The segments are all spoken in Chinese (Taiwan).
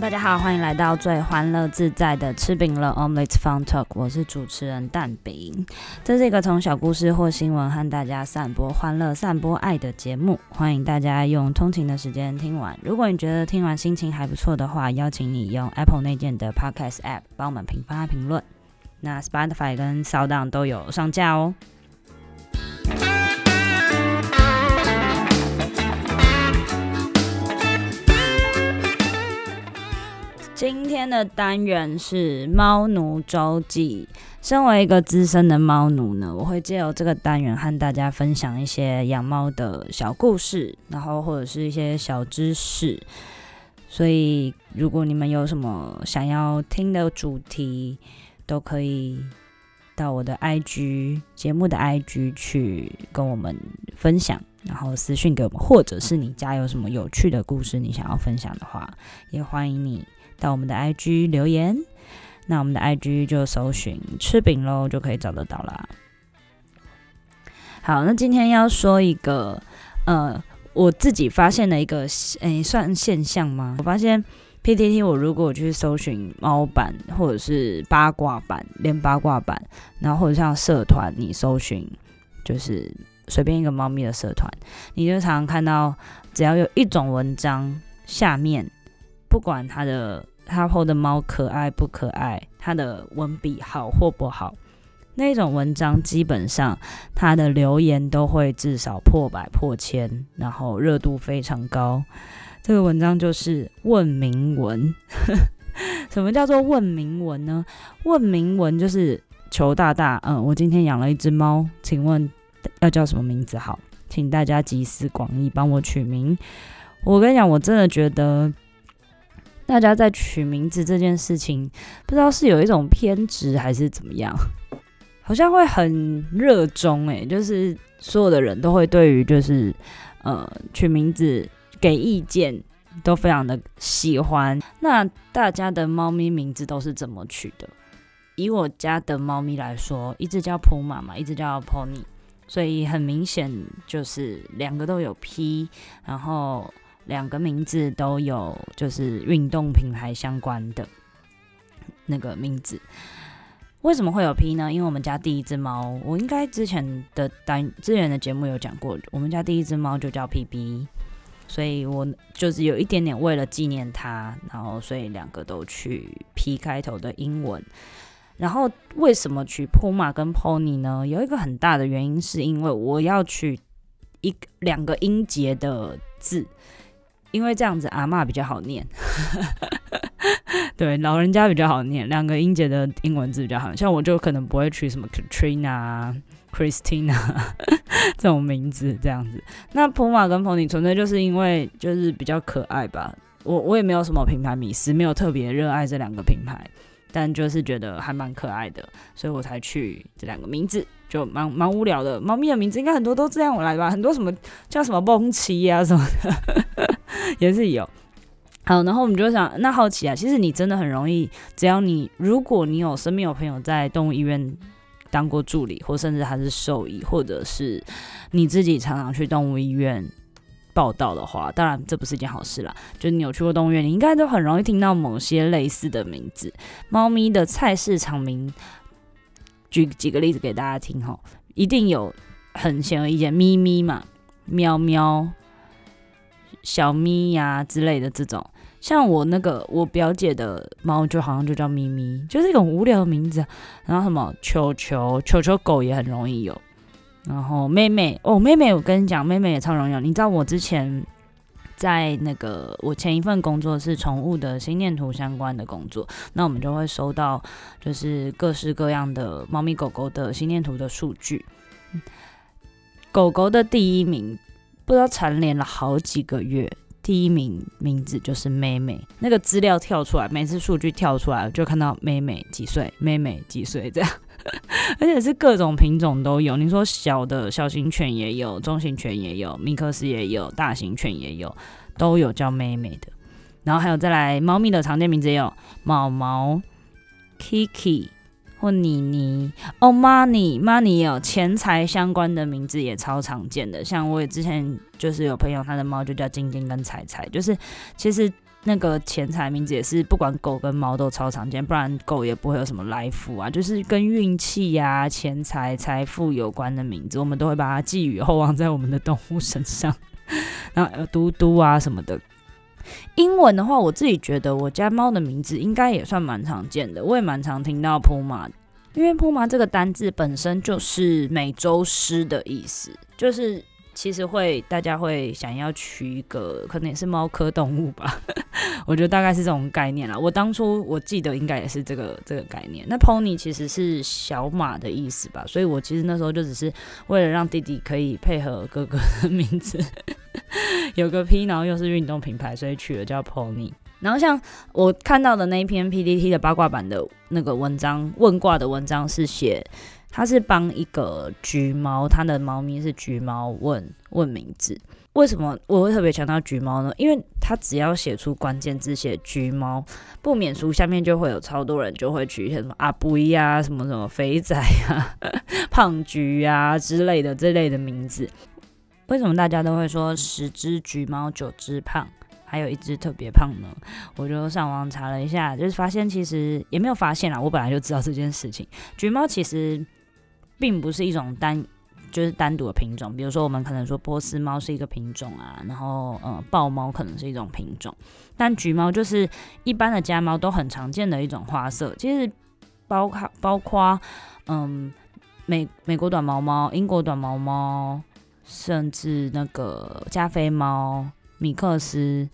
大家好，歡迎來到最歡樂自在的吃餅了 Omelette Fun Talk，我是主持人蛋餅。這是一個從小故事或新聞和大家散播歡樂、散播愛的節目。歡迎大家用通勤的時間聽完。如果你覺得聽完心情還不錯的話，邀請你用 Apple 內建的 Podcast App 幫我們評分、評論。那 Spotify 跟 SoundOn 都有上架哦。今天的單元是《貓奴週記》。身為一個資深的貓奴呢，我會借由這個單元和大家分享一些養貓的小故事，然後或者是一些小知識。所以，如果你們有什麼想要聽的主題，都可以到我的 IG 節目的 IG 去跟我們分享，然後私訊給我們，或者是你家有什麼有趣的故事，你想要分享的話，也歡迎你，到我們的 IG 留言，那我們的 IG 就搜尋吃餅嘍，就可以找得到啦。好，那今天要說一個，呃，我自己發現的一個，誒、欸，算現象嗎？我發現 PTT 我如果去搜尋貓版或者是八卦版，連八卦版，然後或者像社團，你搜尋就是隨便一個貓咪的社團，你就常常看到，只要有一種文章下面。不管他的他 po 的貓可愛不可愛，他的文筆好或不好，那種文章基本上他的留言都會至少破百破千，然後熱度非常高。這個文章就是問名文。 什麼叫做問名文呢？問名文就是求大大，嗯，我今天養了一隻貓，請問要叫什麼名字好？請大家集思廣益，幫我取名。我跟你講，我真的覺得。大家在取名字這件事情，不知道是有一種偏執還是怎麼樣，好像會很熱衷誒，就是所有的人都會對於就是呃取名字給意見都非常的喜歡。那大家的貓咪名字都是怎麼取的？以我家的貓咪來說，一隻叫普馬嘛，一隻叫 pony，所以很明顯就是兩個都有 P，然後。兩個名字都有，就是運動品牌相關的那個名字。為什麼會有 P 呢？因為我們家第一隻貓，我應該之前的單之前的節目有講過，我們家第一隻貓就叫 P P，所以我就是有一點點為了紀念它然後所以兩個都取 P 開頭的英文。然後為什麼取 Puma 跟 Pony 呢？有一個很大的原因是因為我要取一兩個音節的字。因為這樣子阿嬤比較好唸， 對老人家比較好唸，兩個音節的英文字比較好。像我就可能不會取什麼 Katrina、Christina 這種名字這樣子。那普瑪跟彭尼純粹就是因為就是比較可愛吧。我我也沒有什麼品牌迷思，沒有特別熱愛這兩個品牌，但就是覺得還蠻可愛的，所以我才取這兩個名字，就蠻蠻無聊的。貓咪的名字應該很多都這樣我來吧，很多什麼叫什麼蹦奇啊什麼的。也是有，好，然後我們就想，那好奇啊，其實你真的很容易，只要你如果你有身邊有朋友在動物醫院當過助理，或甚至還是獸醫，或者是你自己常常去動物醫院報到的話，當然這不是一件好事啦。就是、你有去過動物園，你應該都很容易聽到某些類似的名字，貓咪的菜市場名，舉幾個例子給大家聽哈，一定有很顯而易見，咪咪嘛，喵喵。小咪呀、啊、之類的這種，像我那個我表姐的貓就好像就叫咪咪，就是一種無聊的名字、啊。然後什麼球球、球球狗也很容易有。然後妹妹哦，妹妹，我跟你講，妹妹也超容易有。你知道我之前在那個我前一份工作是寵物的心電圖相關的工作，那我們就會收到就是各式各樣的貓咪狗狗的心電圖的數據、嗯。狗狗的第一名。不知道蟬聯了好幾個月，第一名名字就是妹妹。那個資料跳出來，每次數據跳出來就看到妹妹幾歲，妹妹幾歲這樣， 而且是各種品種都有。你說小的小型犬也有，中型犬也有，米克斯也有，大型犬也有，都有叫妹妹的。然後還有再來，貓咪的常見名字也有毛毛、Kiki。或妮妮、Money Money 哦，哦有錢財相關的名字也超常見的。像我也之前就是有朋友，他的貓就叫晶晶跟財財，就是其實那個錢財名字也是不管狗跟貓都超常見，不然狗也不會有什麼來福啊，就是跟運氣呀、錢財、財富有關的名字，我們都會把它寄予厚望在我們的動物身上，然後嘟嘟啊什麼的。英文的話，我自己覺得我家貓的名字應該也算蠻常見的，我也蠻常聽到 “puma”，因為 “puma” 這個單字本身就是美洲獅的意思，就是。其實會，大家會想要取一個，可能也是貓科動物吧。 我覺得大概是這種概念啦。我當初我記得應該也是這個這個概念。那 Pony 其實是小馬的意思吧，所以我其實那時候就只是為了讓弟弟可以配合哥哥的名字， 有個 P，然後又是運動品牌，所以取了叫 Pony。然後像我看到的那一篇 PTT 的八卦版的那個文章，問卦的文章是寫。它是幫一個橘貓，它的貓咪是橘貓，問問名字。為什麼我會特別強調橘貓呢？因為它只要寫出關鍵字，寫橘貓，不免俗，下面就會有超多人就會取一些什麼阿布呀、啊、什麼什麼肥仔呀、啊、胖橘呀、啊、之類的這類的名字。為什麼大家都會說十隻橘貓九隻胖，還有一隻特別胖呢？我就上網查了一下，就是發現其實也沒有發現啦。我本來就知道這件事情，橘貓其實。並不是一種單，就是單獨的品種。比如說，我們可能說波斯貓是一個品種啊，然後呃、嗯，豹貓可能是一種品種，但橘貓就是一般的家貓都很常見的一種花色。其實包括包括嗯，美美國短毛貓、英國短毛貓，甚至那個加菲貓、米克斯，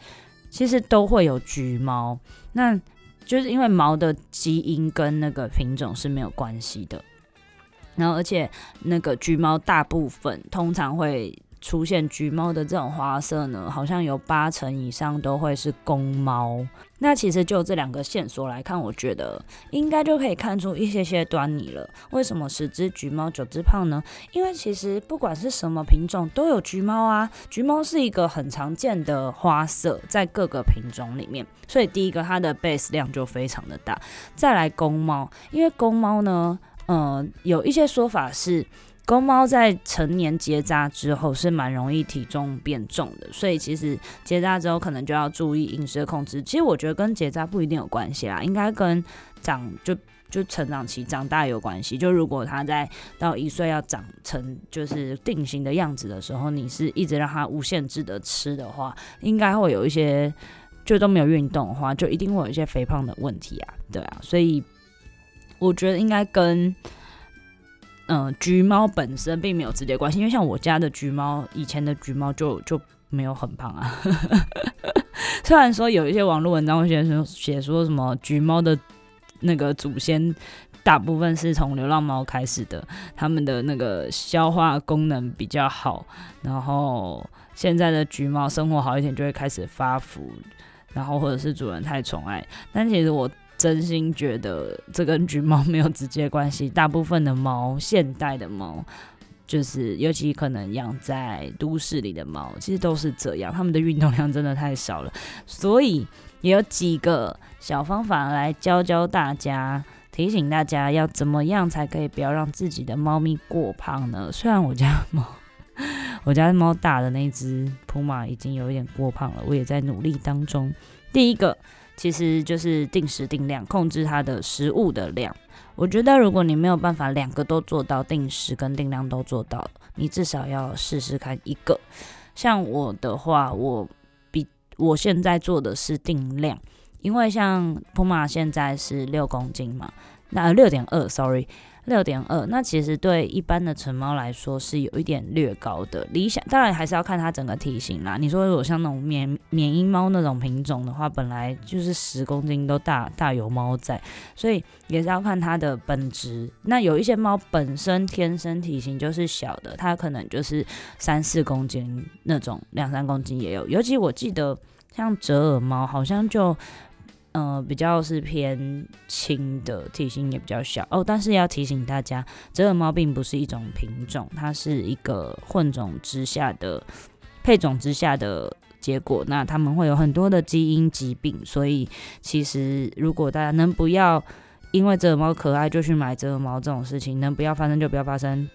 其實都會有橘貓。那就是因為毛的基因跟那個品種是沒有關係的。然後，而且那個橘貓大部分通常會出現橘貓的這種花色呢，好像有八成以上都會是公貓。那其實就這兩個線索來看，我覺得應該就可以看出一些些端倪了。為什麼十隻橘貓九隻胖呢？因為其實不管是什麼品種都有橘貓啊，橘貓是一個很常見的花色，在各個品種裡面，所以第一個它的 base 量就非常的大。再來公貓，因為公貓呢。呃、嗯，有一些說法是，公貓在成年結扎之後是蠻容易體重變重的，所以其實結扎之後可能就要注意飲食的控制。其實我覺得跟結扎不一定有關係啦，應該跟長就就成長期長大有關係。就如果它在到一歲要長成就是定型的樣子的時候，你是一直讓它無限制的吃的話，應該會有一些，就都沒有運動的話，就一定會有一些肥胖的問題啊，對啊，所以。我覺得應該跟，嗯、呃，橘貓本身並沒有直接關係，因為像我家的橘貓，以前的橘貓就就沒有很胖啊。 雖然說有一些網絡文章會寫說寫說什麼橘貓的，那個祖先大部分是從流浪貓開始的，他們的那個消化功能比較好，然後現在的橘貓生活好一點就會開始發福，然後或者是主人太寵愛，但其實我。真心覺得這跟橘貓沒有直接關係。大部分的貓，現代的貓，就是尤其可能養在都市裡的貓，其實都是這樣。它們的運動量真的太少了，所以也有幾個小方法來教教大家，提醒大家要怎麼樣才可以不要讓自己的貓咪過胖呢？雖然我家貓，我家貓大的那隻普馬已經有一點過胖了，我也在努力當中。第一個。其實就是定時定量控制它的食物的量。我覺得如果你沒有辦法兩個都做到，定時跟定量都做到，你至少要試試看一個。像我的話，我比我現在做的是定量，因為像 Puma 現在是六公斤嘛，那六點二，sorry。六點二，2，那其實對一般的成貓來說是有一點略高的。理想當然還是要看它整個體型啦。你說如果像那種緬緬因貓那種品種的話，本來就是十公斤都大大有貓在，所以也是要看它的本質。那有一些貓本身天生體型就是小的，它可能就是三四公斤那種，兩三公斤也有。尤其我記得像折耳貓，好像就。呃，比較是偏輕的，體型也比較小哦，但是要提醒大家，折耳貓並不是一種品種，它是一個混種之下的配種之下的結果。那他們會有很多的基因疾病，所以其實如果大家能不要因為折耳貓可愛就去買折耳貓這種事情，能不要發生就不要發生。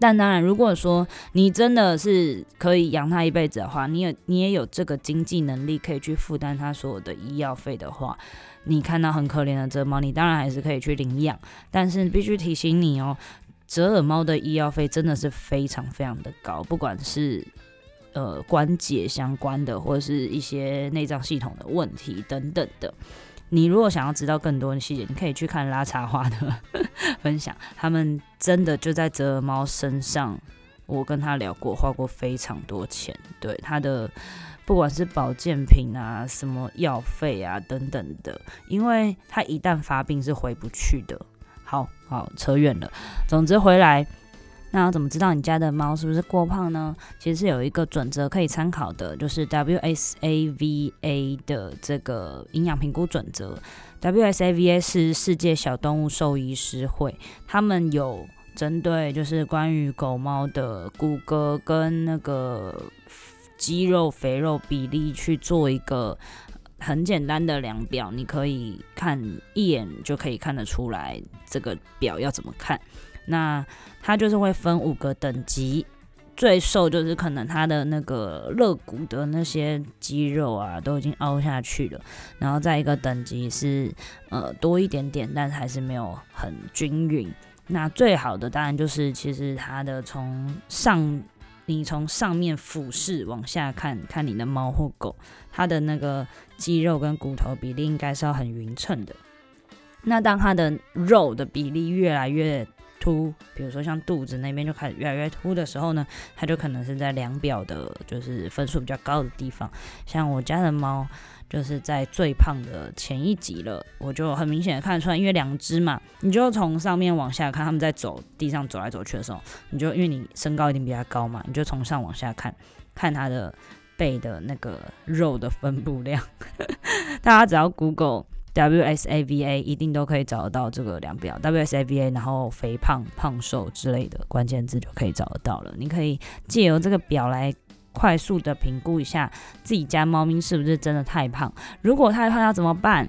但當然，如果說你真的是可以養它一輩子的話，你也你也有這個經濟能力可以去負擔它所有的醫藥費的話，你看到很可憐的折耳貓，你當然還是可以去領養。但是必須提醒你哦、喔，折耳貓的醫藥費真的是非常非常的高，不管是呃關節相關的，或者是一些內臟系統的問題等等的。你如果想要知道更多的細節，你可以去看拉茶花的 分享，他們真的就在折耳貓身上，我跟他聊過，花過非常多錢，對，他的不管是保健品啊、什麼藥費啊等等的，因為他一旦發病是回不去的。好，好，扯遠了，總之回來。那我怎麼知道你家的貓是不是過胖呢？其實是有一個準則可以參考的，就是 WSAVA 的這個營養評估準則。WSAVA 是世界小動物獸醫師會，他們有針對就是關於狗貓的骨骼跟那個肌肉肥肉比例去做一個很簡單的量表，你可以看一眼就可以看得出來，這個表要怎麼看。那它就是會分五個等級，最瘦就是可能它的那個肋骨的那些肌肉啊都已經凹下去了，然後再一個等級是呃多一點點，但是還是沒有很均勻。那最好的當然就是其實它的從上，你從上面俯視往下看看你的貓或狗，它的那個肌肉跟骨頭比例應該是要很勻稱的。那當它的肉的比例越來越。凸，比如說像肚子那邊就開始越來越凸的時候呢，它就可能是在量表的，就是分數比較高的地方。像我家的貓，就是在最胖的前一集前一級了，我就很明顯的看得出來，因為兩只嘛，你就從上面往下看，它們在走地上走來走去的時候，你就因為你身高一定比較高嘛，你就從上往下看，看它的背的那個肉的分布量。大 家只要 Google。WSAVA 一定都可以找得到這個量表，WSAVA，然後肥胖、胖瘦之類的關鍵字就可以找得到了。你可以借由這個表來快速的評估一下自己家貓咪是不是真的太胖。如果太胖要怎麼辦？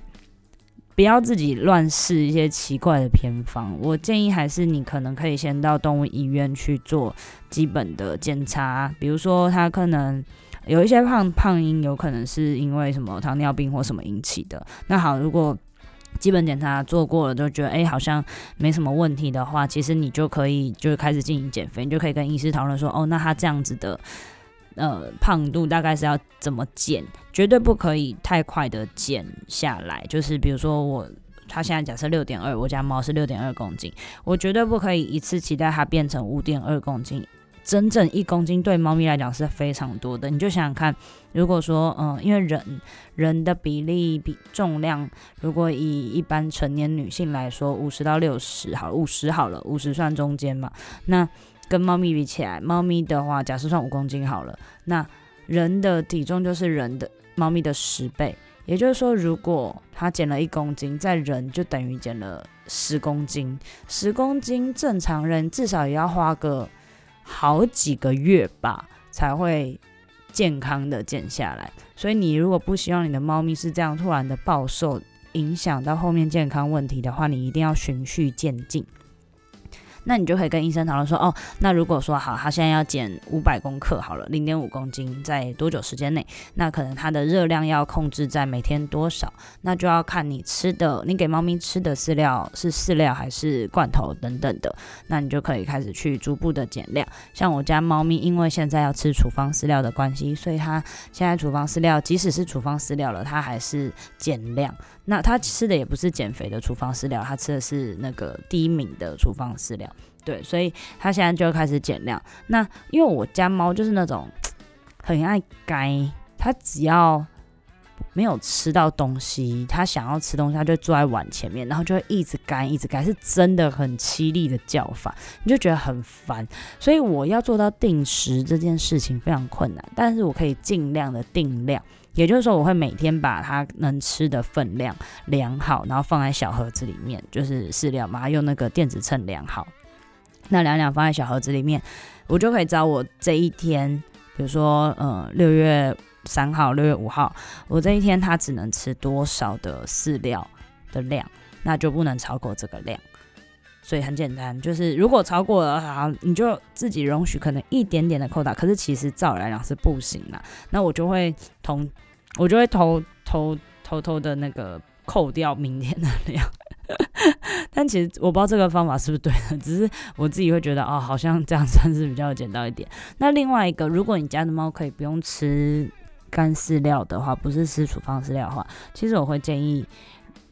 不要自己亂試一些奇怪的偏方。我建議還是你可能可以先到動物醫院去做基本的檢查，比如說它可能。有一些胖胖音，有可能是因為什麼糖尿病，或什麼引起的。那好，如果基本檢查做過了都覺得哎、欸、好像沒什麼問題的話，其實你就可以就是開始進行減肥，你就可以跟醫師討論說，哦那他這樣子的呃胖度大概是要怎麼減，絕對不可以太快的減下來。就是比如說我他現在假設六點二，我家貓是六點二公斤，我絕對不可以一次期待它變成五點二公斤。真正一公斤對貓咪來講是非常多的，你就想想看，如果說，嗯，因為人人的比例比重量，如果以一般成年女性來說，五十到六十，好，五十好了，五十算中間嘛。那跟貓咪比起來，貓咪的話，假設算五公斤好了，那人的體重就是人的貓咪的十倍，也就是說，如果它減了一公斤，在人就等於減了十公斤，十公斤正常人至少也要花個。好幾個月吧，才會健康的減下來。所以，你如果不希望你的貓咪是這樣突然的暴瘦，影響到後面健康問題的話，你一定要循序漸進。那你就可以跟醫生討論說，哦，那如果說好，它現在要減五百公克好了，零點五公斤，在多久時間內？那可能它的熱量要控制在每天多少？那就要看你吃的，你給貓咪吃的飼料是飼料還是罐頭等等的。那你就可以開始去逐步的減量。像我家貓咪，因為現在要吃處方飼料的關係，所以它現在處方飼料，即使是處方飼料了，它還是減量。那它吃的也不是減肥的處方飼料，它吃的是那個低敏的處方飼料。對，所以他現在就開始減量。那因為我家貓就是那種很愛該，它只要沒有吃到東西，它想要吃東西，它就坐在碗前面，然後就會一直該，一直該，是真的很淒厲的叫法，你就覺得很煩。所以我要做到定時這件事情非常困難，但是我可以盡量的定量，也就是說我會每天把它能吃的分量量好，然後放在小盒子裡面，就是飼料，把它用那個電子秤量好。那兩兩放在小盒子裡面，我就可以找我這一天，比如說，呃，六月三號、六月五號，我這一天它只能吃多少的飼料的量，那就不能超過這個量。所以很簡單，就是如果超過了啊，你就自己容許可能一點點的扣打，可是其實照來講是不行的。那我就會同，我就會偷偷偷偷的那個扣掉明天的量。 但其實我不知道這個方法是不是對的，只是我自己會覺得哦，好像這樣算是比較簡單一點。那另外一個，如果你家的貓可以不用吃乾飼料的話，不是吃處方飼料的話，其實我會建議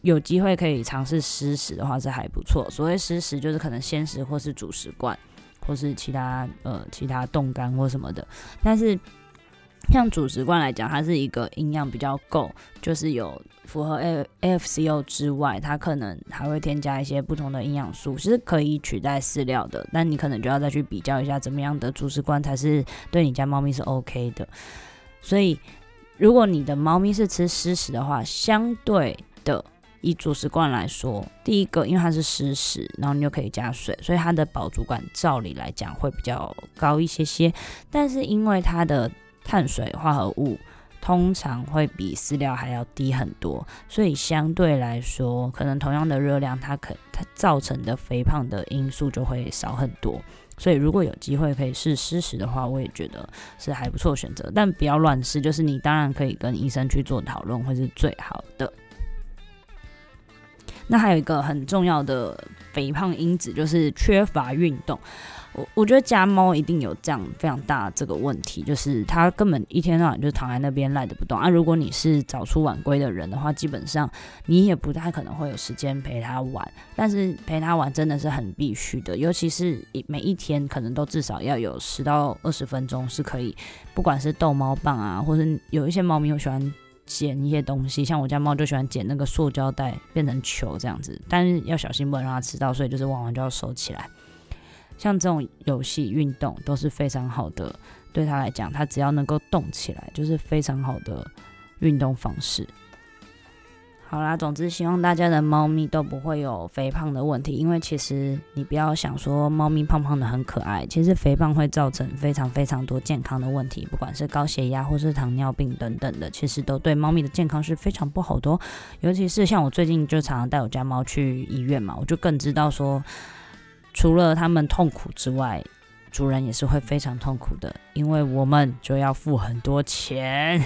有機會可以嘗試濕食的話是還不錯。所謂濕食就是可能鮮食或是主食罐，或是其他呃其他凍乾或什麼的。但是像主食罐來講，它是一個營養比較夠，就是有符合 AAFCO 之外，它可能還會添加一些不同的營養素，是可以取代飼料的。但你可能就要再去比較一下，怎麼樣的主食罐才是對你家貓咪是 OK 的。所以，如果你的貓咪是吃濕食的話，相對的以主食罐來說，第一個因為它是濕食，然後你就可以加水，所以它的飽足感照理來講會比較高一些些。但是因為它的碳水化合物通常會比飼料還要低很多，所以相對來說，可能同樣的熱量，它可它造成的肥胖的因素就會少很多。所以如果有機會可以試濕食的話，我也覺得是還不錯選擇，但不要亂試。就是你當然可以跟醫生去做討論，會是最好的。那還有一個很重要的肥胖因子，就是缺乏運動。我我覺得家貓一定有這樣非常大這個問題，就是它根本一天到晚就躺在那邊賴着不動。啊，如果你是早出晚歸的人的話，基本上你也不太可能會有時間陪它玩。但是陪它玩真的是很必須的，尤其是一每一天可能都至少要有十到二十分鐘是可以，不管是逗貓棒啊，或是有一些貓咪有喜歡。撿一些東西，像我家貓就喜歡撿那個塑膠袋變成球這樣子，但是要小心不能讓它吃到，所以就是玩完就要收起來。像這種遊戲運動都是非常好的，對它來講，它只要能夠動起來就是非常好的運動方式。好啦，總之希望大家的貓咪都不會有肥胖的問題，因為其實你不要想說貓咪胖胖的很可愛，其實肥胖會造成非常非常多健康的問題，不管是高血壓或是糖尿病等等的，其實都對貓咪的健康是非常不好的。尤其是像我最近就常常帶我家貓去醫院嘛，我就更知道說，除了他們痛苦之外。主人也是會非常痛苦的，因為我們就要付很多錢，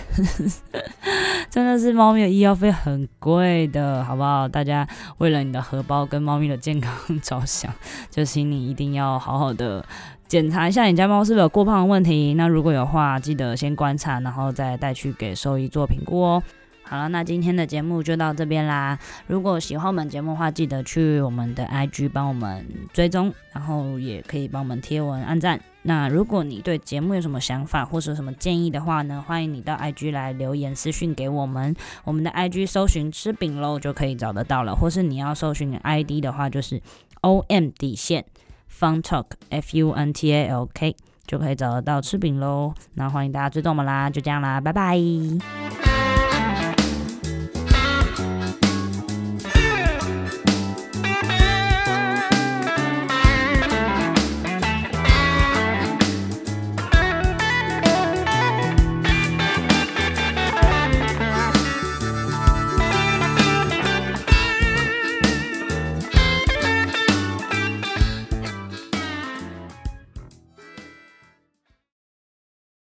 真的是貓咪的醫藥費很貴的，好不好？大家為了你的荷包跟貓咪的健康着想，就請、是、你一定要好好的檢查一下你家貓是否有過胖的問題。那如果有話，記得先觀察，然後再帶去給獸醫做評估哦。好了，那今天的節目就到這邊啦。如果喜歡我們節目的話，記得去我們的 IG 幫我們追蹤，然後也可以幫我們貼文、按讚。那如果你對節目有什麼想法或者什麼建議的話呢，歡迎你到 IG 來留言私訊給我們。我們的 IG 搜尋吃餅嘍就可以找得到了，或是你要搜尋 ID 的話，就是 OM 底線 Fun Talk F U N T A L K 就可以找得到吃餅嘍。那歡迎大家追蹤我們啦，就這樣啦，拜拜。